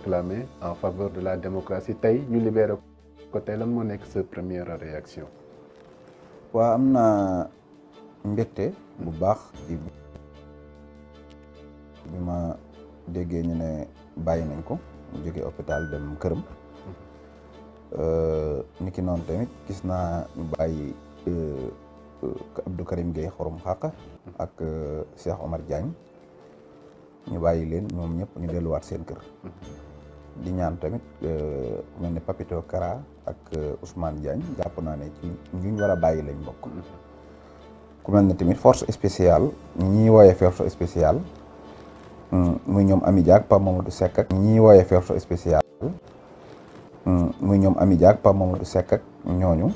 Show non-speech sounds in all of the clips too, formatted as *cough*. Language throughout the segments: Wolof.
réclamé en faveur de la démocratie tey ñu libéré ko tey lan moo nekk sa première réaction. waaw am na mbégte bu baax ci ma déggee ñu ne bàyyi nañ ko mu jógee hôpital dem këram. Euh, ni noonu tamit gis naa ñu bàyyi euh, Abdou Karim Gueye xorom xàq ak euh, Cheikh Omar Diagne ñu bàyyi leen ñoom ñëpp ñu delluwaat seen kër di ñaan tamit euh, mel ni Papito Kara ak euh, Ousmane Diagne jàpp naa ne ci ñu ñu war a bàyyi lañ bokk. ku mel ne tamit force spéciale ñi ñuy wooyee force spéciale mm, muy ñoom Ami Dia ak Pape Mamadou Seck ak. ñuy wooyee force spéciale mm, muy ñoom Ami Dia ak Pape Mamadou ñooñu.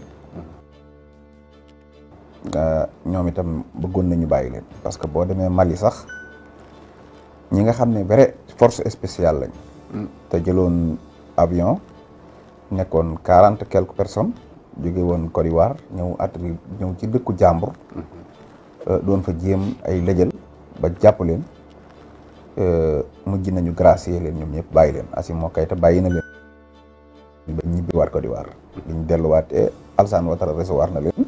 Euh, ñoom itam bëggoon nañu bàyyi leen parce que boo demee Mali sax ñi nga xam ne vrai force spéciale lañ. te jëloon avion nekkoon quarante quelques personnes jóge woon Côte d'Ivoire ñëw at ñëw ci dëkku jàmbur euh, doon fa jéem ay lëjël ba jàpp leen euh, mujj nañu gracier leen ñoom ñëpp bàyyi leen Assimi Goïta bàyyi na leen ba ñibbiwaat Côte d'Ivoire liñ delluwaatee Alassane Ouattara recevoir na leen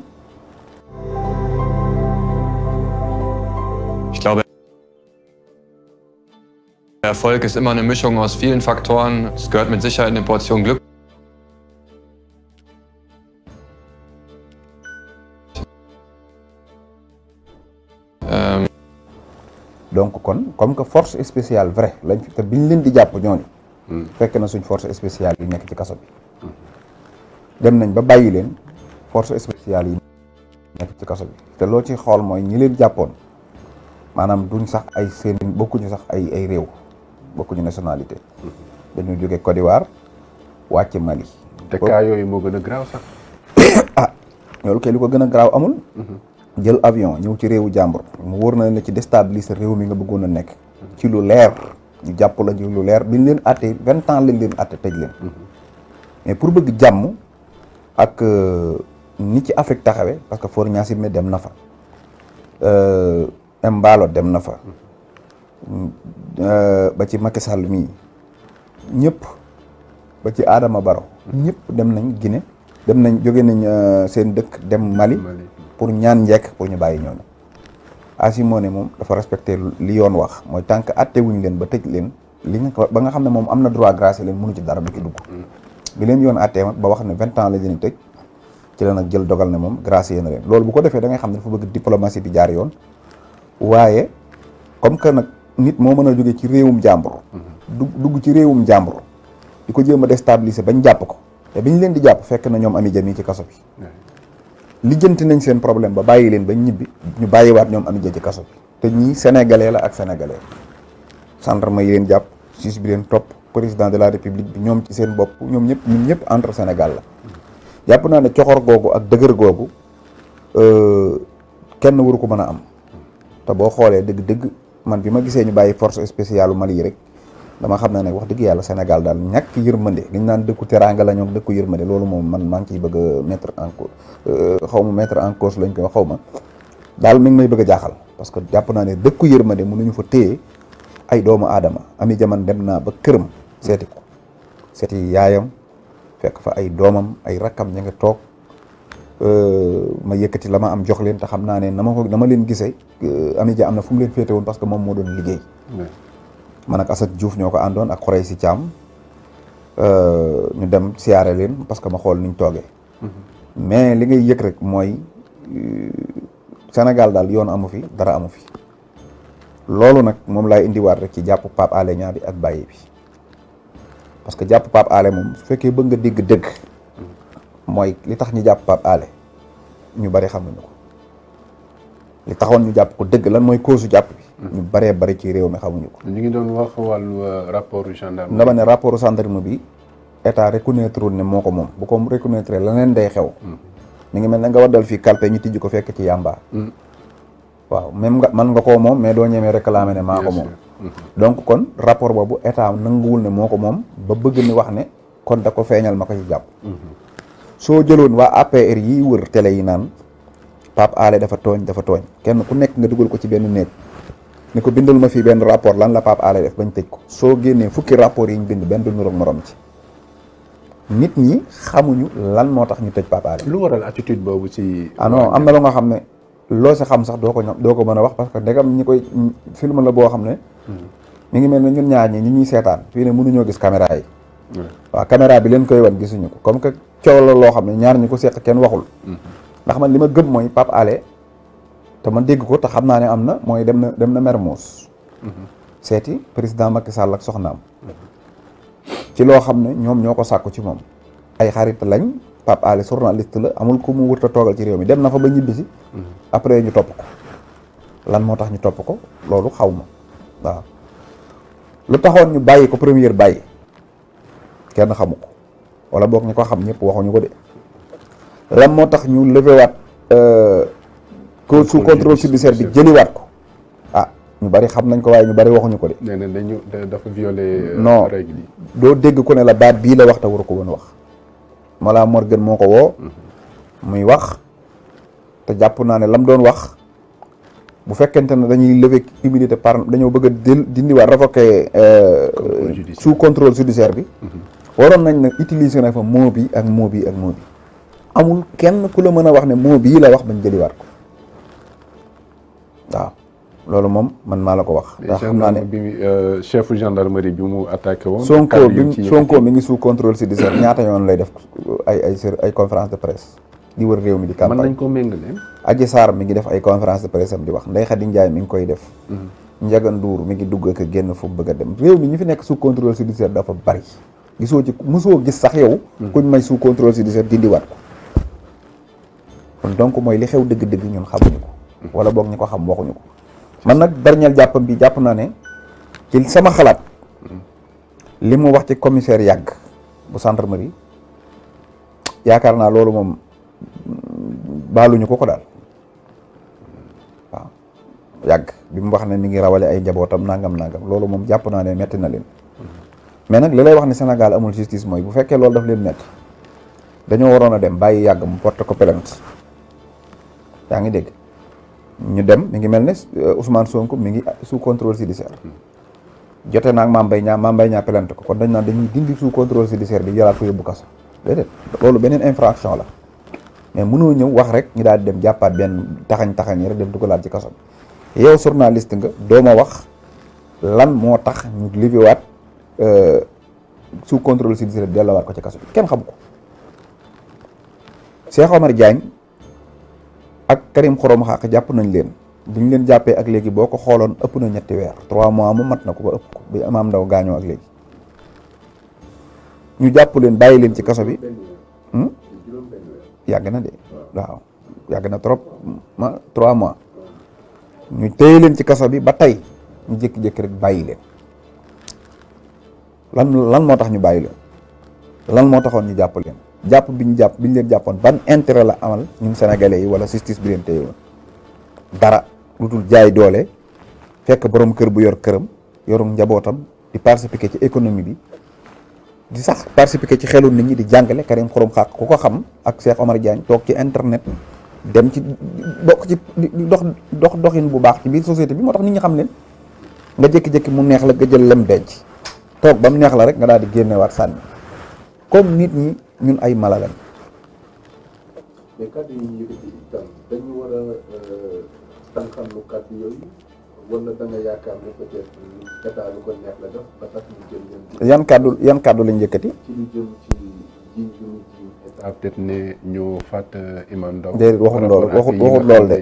Erfolg ist immer eine Mischung aus vielen Faktoren. Es gehört mit Sicherheit eine Portion Glück. Ähm. donc kon comme que force spéciale vrai lañ fi te biñ leen di jàpp ñooñu. Hmm. fekk na suñ force spéciale yi nekk ci kaso bi. dem nañ ba bàyyi leen force spéciale yi nekk ci kaso bi te loo ci xool mooy ñi leen jàppoon maanaam duñ sax ay seen bokkuñu sax ay ay réew. bokkuñu nationalité. dañu jóge Côte d'Ivoire wàcc Mali. te cas yooyu moo gën a graaw sax. *coughs* ah loolu kay lu ko gën a graaw amul. Mhm. jël avion ñëw ci réewu jàmbur. mu wóor na ne ci déstabiliser réew mi nga bëggoon a nekk. ci lu leer ñu jàpp la ci lu leer bi leen àttee vingt ans lañ leen àtte tëj leen. Mhm. mais pour bëgg jàmm ak euh, ni ci Afrique taxawee parce que Faure Gnassingbé dem na fa. Embalo euh, dem na fa. Mhm. Euh, ba ci Macky Sall mii ñëpp ba ci Adama Barrow ñëpp dem nañ Guinée dem nañ jóge nañ euh, seen dëkk dem Mali pour ñaan njekk pour ñu bàyyi ñooñu Assis Mone moom dafa respecté li yoon wax mooy tant que atte leen ba tëj leen li nga ba nga xam ne moom am na droit grâce leen mënu ci dara bu ci dugg mm. bi leen yoon attee ba wax ne vingt ans la leen tëj ci la nag jël dogal ne moom grâce yéen leen loolu bu ko defee da ngay xam ne dafa bëgg diplomatie bi jaar yoon waaye nag nit moo mën a jóge ci réewum jàmbur. dugg ci réewum jàmbur. di ko jéem a déstabiliser bañ jàpp ko te bañ leen di jàpp fekk na ñoom ami jami ci kaso bi. lijjanti nañ seen problème ba bàyyi leen bañ ñibbi ñu bàyyiwaat ñoom ami ja ci kaso bi. te ñii sénégalais la ak sénégalais gendarme yi leen jàpp juge bi leen topp président de la république bi ñoom ci seen bopp ñoom ñëpp ñun ñëpp entre Sénégal la jàpp naa ne coxor googu ak dëgër googu euh, kenn waru ko mën a am te boo xoolee dëgg-dëgg man bi ma gisee ñu bàyyi force spéciale u Mali yi rek dama xam ne nag wax dëgg yàlla Sénégal daal ñàkk yërmande dañ naan dëkku teraanga la ñoom dëkku yërmande loolu moom man maa ngi ciy bëgg a mettre en cause euh, xaw ma mettre en cause lañ koy xaw ma daal mi ngi may bëgg a jaaxal parce que jàpp naa ne dëkku yërmande mënuñu fa téye ay doomu aadama ami jaman dem naa ba këram seeti ko seeti yaayam fekk fa ay doomam ay rakkam ña nga toog ma yëkkati la ma am jox leen te xam naa ne na ma ko na ma leen gisee euh, Amidia am na fu mu leen féete woon parce que moom moo doon liggéey. man ak Assad Diouf ñoo ko àndoon ak Xorey si Thiam. Euh, ñu dem siyaare leen parce que ma xool niñ toogee. Mm-hmm. mais li ngay yëg rek mooy euh, senegal daal yoon amu fi dara amu fi. loolu nag moom laay indiwaat rek ci jàpp Pape Alé Niang bi ak Baye bi parce que jàpp Pape Alé moom su fekkee bëgg nga dégg dégg mooy li tax ñu jàpp Pape ale ñu bari xamuñu ko li taxoon ñu jàpp ko dëgg lan mooy cause jàpp bi. Mm-hmm. ñu baree bari ci réew mi xamuñu ko. ñu ngi doon wax wàllu euh, rapport gendarme. dama ne rapport gendarme bi état reconnaître ne moo ko moom bu ko reconnaître leneen day xew. Mm-hmm. mi ngi mel ne nga waddal fii calpe ñu tijji ko fekk ci yàmba. Mm-hmm. waaw même nga man nga koo moom mais doo ñemee réclamer ne maa ko moom. donc kon rapport boobu état nanguwul ne moo ko moom ba bëgg ni wax ne kon da ko feeñal ma ko ci jàpp. soo jëloon waa APR yi wër tele yi naan Pape Alé dafa tooñ dafa tooñ kenn ku nekk nga dugal ko ci benn néeg ni ko bindal ma fii benn rapport lan la Pape Alé def bañ tëj ko soo génnee fukki rapport yi ñu bind benn du nuroog morom ci nit ñi xamuñu lan moo tax ñu tëj Pape Alé. lu waral attitude boobu ci. ah am na lu nga xam ne loo si xam sax doo ko doo ko mën a wax parce que ndegam ñi koy film la boo xam ne. Hmm. mi ngi mel ne ñun ñaar ñi ñi ñuy seetaan fii ne mënuñoo gis caméra yi. waaw caméra bi leen koy wan gisuñu ko comme que coow la loo xam ne ñaar ñu ko seq kenn waxul ndax man li ma gëm mooy Pape Alé te ma dégg ko te xam naa ne am na mooy dem na dem na Mermoz seeti président Macky Sall ak soxnaam ci loo xam ne ñoom ñoo ko sàkku ci moom ay xarit lañ Pape Alé journaliste la amul ku mu wër a toogal ci réew mi dem na fa ba ñibbisi après ñu topp ko lan moo tax ñu topp ko loolu xaw ma waaw lu taxoon ñu bàyyi ko première bàyyi kenn xamu ko wala boog ñi ko xam ñëpp waxuñu ko de lan moo tax ñu lever waat ko euh, sous contrôle judiciaire bi jëliwaat ko ah ñu bari xam nañ ko waaye ñu bari waxuñu ko de. nee dañu dafa violé. Euh, non doo dégg ko ne la baat bii la wax te waru ko woon wax. Mollah Morgun moo ko woo. Mhm. muy wax te jàpp naa ne lam doon wax bu fekkente ne dañuy lever humidité par dañoo bëgg a dindi dindiwaat révoqué. Euh, sous contrôle judiciaire bi. Mhm. waroon nañ nag utiliser na fa mot bi ak moo bi ak mot bi amul kenn ku la mën a wax ne mot bii la wax bañ jëliwaat ko waaw loolu moom man maa la ko wax. ndax xam bi mu attaqué woon. Sonko bi Sonko mi ngi sous contrôle judiciaire ñaata yoon lay def ay ay ay conférence de presse. di wër réew mi di campagne mën nañ ko méngale. mi ngi def ay conférence de presse am di wax Ndeye Khady Ndiaye mi ngi koy def. Mhm. Ndiaga Ndour mi ngi dugg ak génn fu bëgg a dem réew mi ñi fi nekk sous contrôle judiciaire dafa bari. gisoo ci mosoo gis sax yow. Hmm. kuñ may sous contrôle judiciaire dindiwaat ko. donc mooy li xew dëgg-dëgg ñun xamuñu ko. Hmm. wala boog ñu ko xam waxuñu ko. man nag dernier jàppam bi jàpp naa ne ci sama xalaat. Hmm. li mu wax ci commissaire yàgg bu gendarmerie yaakaar naa loolu moom baaluñu ko ko daal waaw yàgg bi mu wax ne mi ngi rawale ay njabootam nangam nangam loolu moom jàpp naa ne metti na leen. mais nag li lay wax ne Sénégal amul justice mooy bu fekkee loolu daf leen métti dañoo waroon a dem bàyyi yàgg mu porte ko plainte yaa ngi dégg ñu dem mi ngi mel ne euh, Ousmane Sonko mi ngi sous contrôle judiciaire jote naag Mame Mbaye Niang Mame Mbaye Niang ko kon dañ naan dañuy dindi sous contrôle judiciaire bi jëlaat ko yóbbu kaso loolu beneen infraction la mais mënoo ñëw wax rek ñu daal di dem jàppaat benn taxañ taxañ yi rek dem dugalaat ci kaso bi yow journaliste nga doo ma wax lan moo tax ñu liviwaat Euh, sous contrôle judiciaire delluwaat ko ci kaso bi kenn xabu ko Cheikh Omar Diagne ak Karim Xorom Xaq jàpp nañ leen bu leen jàppee ak léegi boo ko xooloon ëpp nañ ñetti weer trois mois mu mat na ko ba ëpp ko bi maam ndaw gaañoo ak léegi ñu jàpp leen bàyyi leen ci kaso bi hmm? yàgg na de waaw yàgg na trop ma trois mois ñu téye leen ci kaso bi ba tey ñu jékki-jékki rek bàyyi leen lan lan moo tax ñu bàyyi la lan moo taxoon ñu jàpp leen jàpp bi ñu jàpp bi ñu leen jàppoon ban intérêt la amal ñun sénégalais yi wala justice bi leen téye dara lu dul jaay doole fekk borom kër bu yor këram yorum njabootam di participer ci économie bi di sax participer ci xelu nit ñi di jàngale Karim Xurum Xaq ku ko xam ak Cheikh Omar Diagne toog ci internet dem ci bokk ci dox dox doxin bu baax ci biir société bi moo tax nit ñi xam ne nga jékki-jékki mu neex la nga jël lem denc toog ba mu neex la rek nga daal di génnewaat sànni comme nit ñi ñun ay mala lañ. mais kàddu yi kàddu euh, la def ba tax ñu yan kàddu yan kàddu lañ yëkkati. ci lu jëm fàtt euh, imam Ndao. déedéet waxul loolu waxul waxul de.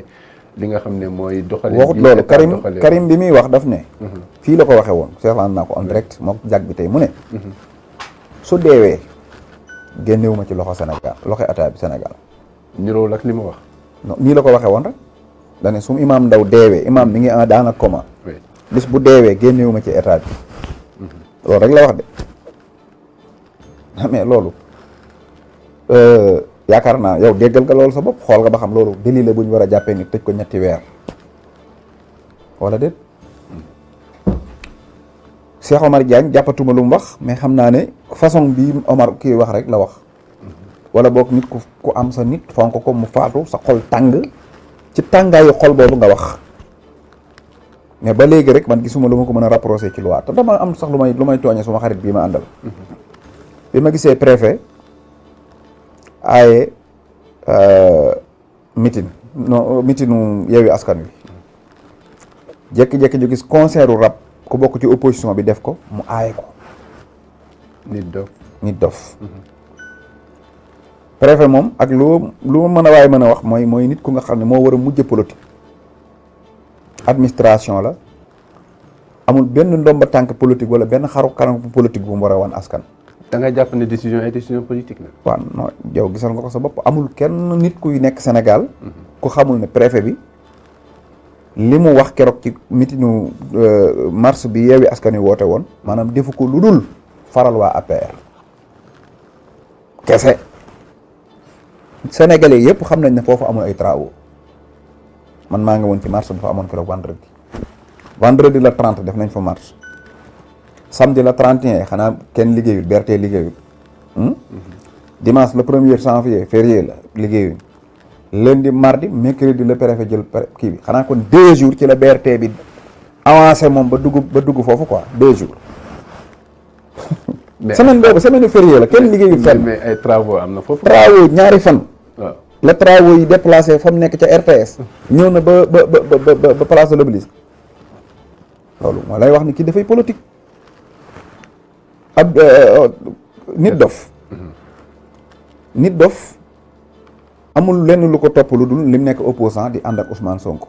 li nga xam ne mooy doxalee. waxut loolu Karim Karim bi muy wax daf ne. Mhm. fii la ko waxee woon seexlaan naa ko en direct moom jag bi tey mu ne. Mhm. su deewee génnewu ci loxo Sénégal loxo état bi Sénégal. niroowul ak li mu wax. non la ko waxee woon rek. ne su mu ndaw deewee imaam mi ngi en daanaka coma. bis bu deewee génnewu ma ci état bi. Mhm. loolu rek wax *laughs* mais loolu. Euh, yaakaar naa yow déggal nga loolu sa bopp xool nga ba xam loolu délit la bu ñu war a jàppee ni tëj ko ñetti weer wala déet Cheikh Omar Diagne jàppatuma lu mu wax mais xam naa ne façon bii Omar kii wax rek la wax wala boog nit ku ku am sa nit fonk ko mu faatu sa xol tàng ci tàngaayu xol boobu nga wax mais ba léegi rek man gisuma lu ma ko mën a rapproché ci loi te dama am sax lu may may tooñe suma xarit bii ma àndal mm-hmm. bi ma gisee préfet aaye euh, mitin non mitinu Yewwi Askan Wi jékki-jékki ju gis concert u rap ku bokk ci opposition bi def ko mu aaye ko. nit dof nit dof. moom ak lu lu ma mën a waaye mën a wax mooy mooy nit ku nga xam ne moo war a mujj politique administration la amul benn ndomba tànk politique wala benn xaru kanam politique bu mu war a wan askan. da ngay jàpp ne décision ay décision politique la. waa non yow gisal nga ko sa bopp amul kenn nit kuy nekk Sénégal. ku xamul ne préfet bi li mu wax keroog ci mitinu euh, mars bi yeewi askan wi woote woon maanaam defu ko lu dul faral waa APR. kese sénégalais yëpp xam nañ ne foofu amul ay travaux man maa ngi woon ci mars bu amoon keroog vendredi vendredi la 30 def nañ fa mars. samedi la 31 xanaa kenn liggéeyul bertee liggéeyul hmm? dimanche le premier janvier férié la liggéeyuñ lundi mardi mercredi la préfet jël kii bi xanaa kon deux jours ci la BRT bi avancé moom ba dugg ba dugg foofu quoi deux jours. *laughs* semaine boobu semaine férié la kenn liggéeyul fenn. mais am na foofu. ñaari fan. la travaux yi déplacé fa mu nekk ca RTS. ñëw na ba ba ba ba ba place de l'Obélisque loolu moo lay wax ni kii dafay politique. ab euh, euh, nit dof nit dof amul lenn lu ko topp lu dul lim nekk opposant di ànd ak Ousmane Sonko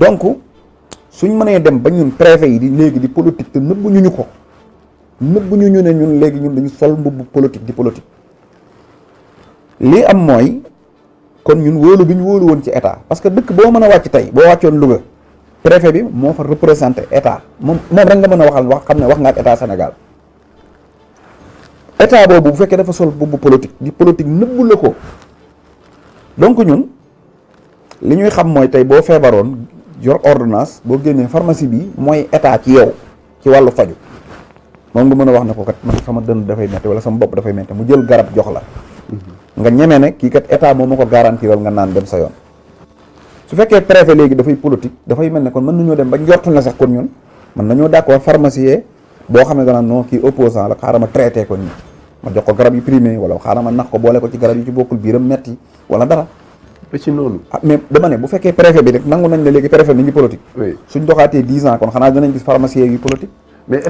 donc suñ mënee dem ba ñun préfet yi di léegi di politique te nëbbu ñu ñu ko nëbbu ñu ñu ne ñun léegi ñun dañu sol mbubbu politique di politique lii am mooy kon ñun wóolu bi ñu wóolu woon ci état parce que dëkk boo mën a wàcc tey boo wàccoon Louga préfet bi moo fa représenté état moom moom rek nga mën a waxal wax xam ne wax nga ak état Sénégal état boobu bu fekkee dafa sol boobu politique di politique nëbbu la ko donc ñun li ñuy xam mooy tey boo feebaroon yor ordonnance boo génnee pharmacie bii mooy état ci yow ci wàllu faju moom nga mën a wax ne ko kat man sama dënd dafay métti wala sama bopp dafay métti mu jël garab jox la nga ñemee ne kii kat état moo ma ko garantiral nga naan dem sa yoon su fekkee préfet léegi dafay politique dafay mel ne kon mën nañoo dem ba njortu na sax kon ñun mën nañoo d'accord pharmacien boo xam ne danaan kii opposant la xaaral traité ko nii ma jox ko garab yu primé wala xaaral ma nax ko boole ko ci garab yu ci bokkul biiram metti wala dara ba ci noonu ah mais dama ne bu fekkee préfet bi nangu nañ la léegi préfet mi ngi politique suñ doxaatee dix kon xanaa gis pharmacien yu politique mhm.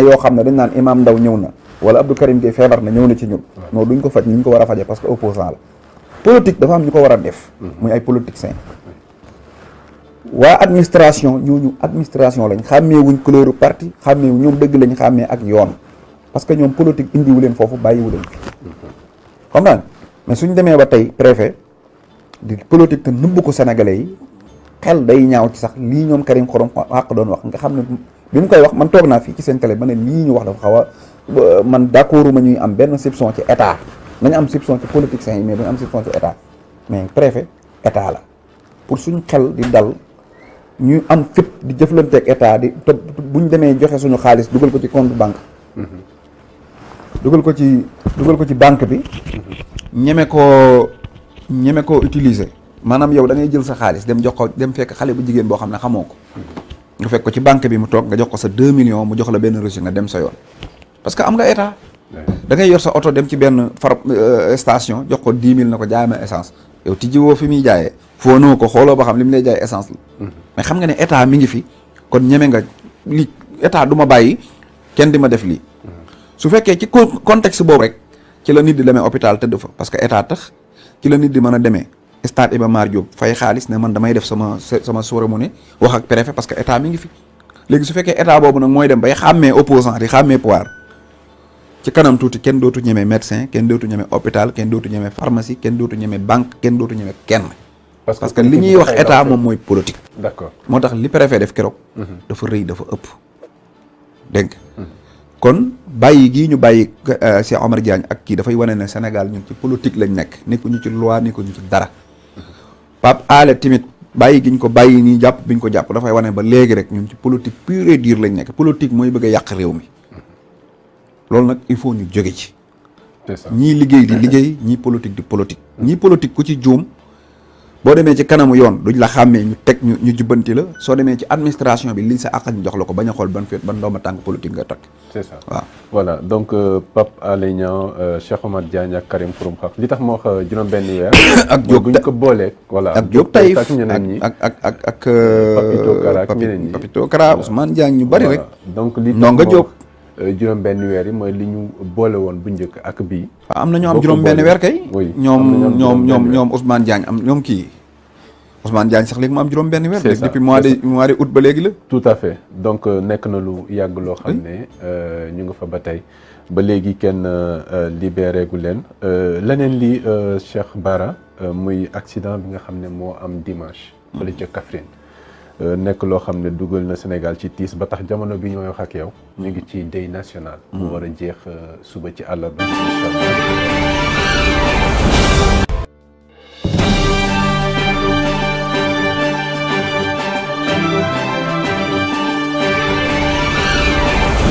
yoo xam ne dañ naan imam ndaw ñëw na wala Abdou Karim Gueye feebar na ñëw na ci ñun non duñ ko faj ni ñu ko war a faje parce que opposant la politique dafa am ñu ko war a def mhm. muy ay politiciens waa administration ñooñu administration lañ xàmmee wuñ couleur parti xàmmee ñoom dëgg lañ xàmmee ak yoon parce que ñoom politique indiwu leen foofu bàyyiwu leen xam naa mais suñ demee ba tey préfet di politique te nëbb ko sénégalais yi xel day ñaaw ci sax lii ñoom Karim Xorom Xaq doon wax nga xam ne bi mu koy wax man toog naa fii ci seen télé ma ne lii ñu wax dafa xaw a man d'accordu ma ñuy am benn soupçon ci état nañ am soupçon ci politique sax yi mais dañu am soupçon ci mais préfet état la pour suñ xel di dal ñu am fit di jëflanteeg état di te bu ñu demee joxe suñu xaalis dugal ko ci compte banque. dugal ko ci dugal ko ci banque bi. ñeme ko ñeme koo utiliser. maanaam yow da jël sa xaalis dem jox ko dem fekk xale bu jigéen boo xam ne xamoo ko. nga fekk ko ci banque bi mu toog nga jox ko sa 2 millions mu jox la benn reçu nga dem sa yoon. parce que am nga état. dangay yor sa oto dem ci benn far euh, station jox ko 10 000 na ko jaay ma essence yow tijji woo fi muy jaayee. foo noo ko xooloo ba xam li mu lay jaay essence la mm-hmm. mais xam nga ne état mi ngi fi kon ñeme nga li état du ma bàyyi kenn di ma def lii mm-hmm. su fekkee ci contexte boobu rek ci la nit di deme hôpital tëdd fa parce que état tax ci la nit di mën a demee stade Iba Mar Diop fay xaalis ne man damay def sama sama cérémonie wax ak préfet parce que état mi ngi fi léegi su fekkee état boobu nag mooy dem bay xàmmee opposant di xàmmee pouvoir ci kanam tuuti kenn dootu ñeme médecin kenn dootu ñeme hôpital kenn dootu ñeme pharmacie kenn dootu ñeme banque kenn dootu ñeme kenn parce que, que li ñuy wax état moom mooy politique. d'accord moo tax li préfet def keroog. Mhm. dafa rëy dafa ëpp. dégg mhm. kon bàyyi gii ñu bàyyi euh, Cheikh Omar Diagne ak kii dafay wane ne Sénégal ñun ci politique lañ nekk nekkuñu ci loi nekkuñu ci dara. Mhm. Pape ale tamit bàyyi gi ñu ko bàyyi nii jàpp bi ñu ko jàpp dafay wane ba léegi rek ñun ci politique pure et lañ nekk politique mooy bëgg yàq réew mi. loolu nag il faut ñu jóge ci. ñii liggéey di *laughs* liggéey ñii politique di politique. ñii politique ku ci juum. boo demee ci kanamu yoon duñ la xàmmee ñu teg ñu ñu jubbanti la soo demee ci administration bi lii sa àq ñu jox la ko bañ xool ban féet ban ndooma tànk politique nga takk c'est ça waaw voilà donc euh, Pape Alé Niang euh, Cheikh Omar Diagne ak Karim Xurum wax euh, juróom benn *coughs* ak Diop buñ boolee voilà ak Diop Taïf ak ñeneen ñi ak ak ak ak Papito Kara ak ñeneen ñi Papito Kara ñu bari rek donc li non nga Diop Euh, juróom benn weer yi mooy li ñu boole woon bu njëkk ak bii. waaw ah, am na ñoo am juróom benn weer kay. ñoom ñoom ñoom ñoom Ousmane Diagne am ñoom kii Ousmane Diagne sax léegi mu am juróom benn weer. depuis mois de mois de ba léegi la. tout à fait donc euh, nekk na lu yàgg loo xam ne euh, ñu nga fa ba tey ba léegi kenn libéré gu leen leneen li Cheikh Bara muy accident bi nga xam ne moo am dimanche. Hmm. fële ca Kaffrine. Euh, nekk loo xam ne dugal na Sénégal ci tiis ba tax jamono bi ñooy wax yow. ñu ngi ci deuil national. Mm-hmm. mu war a jeex euh, suba ci àllarba.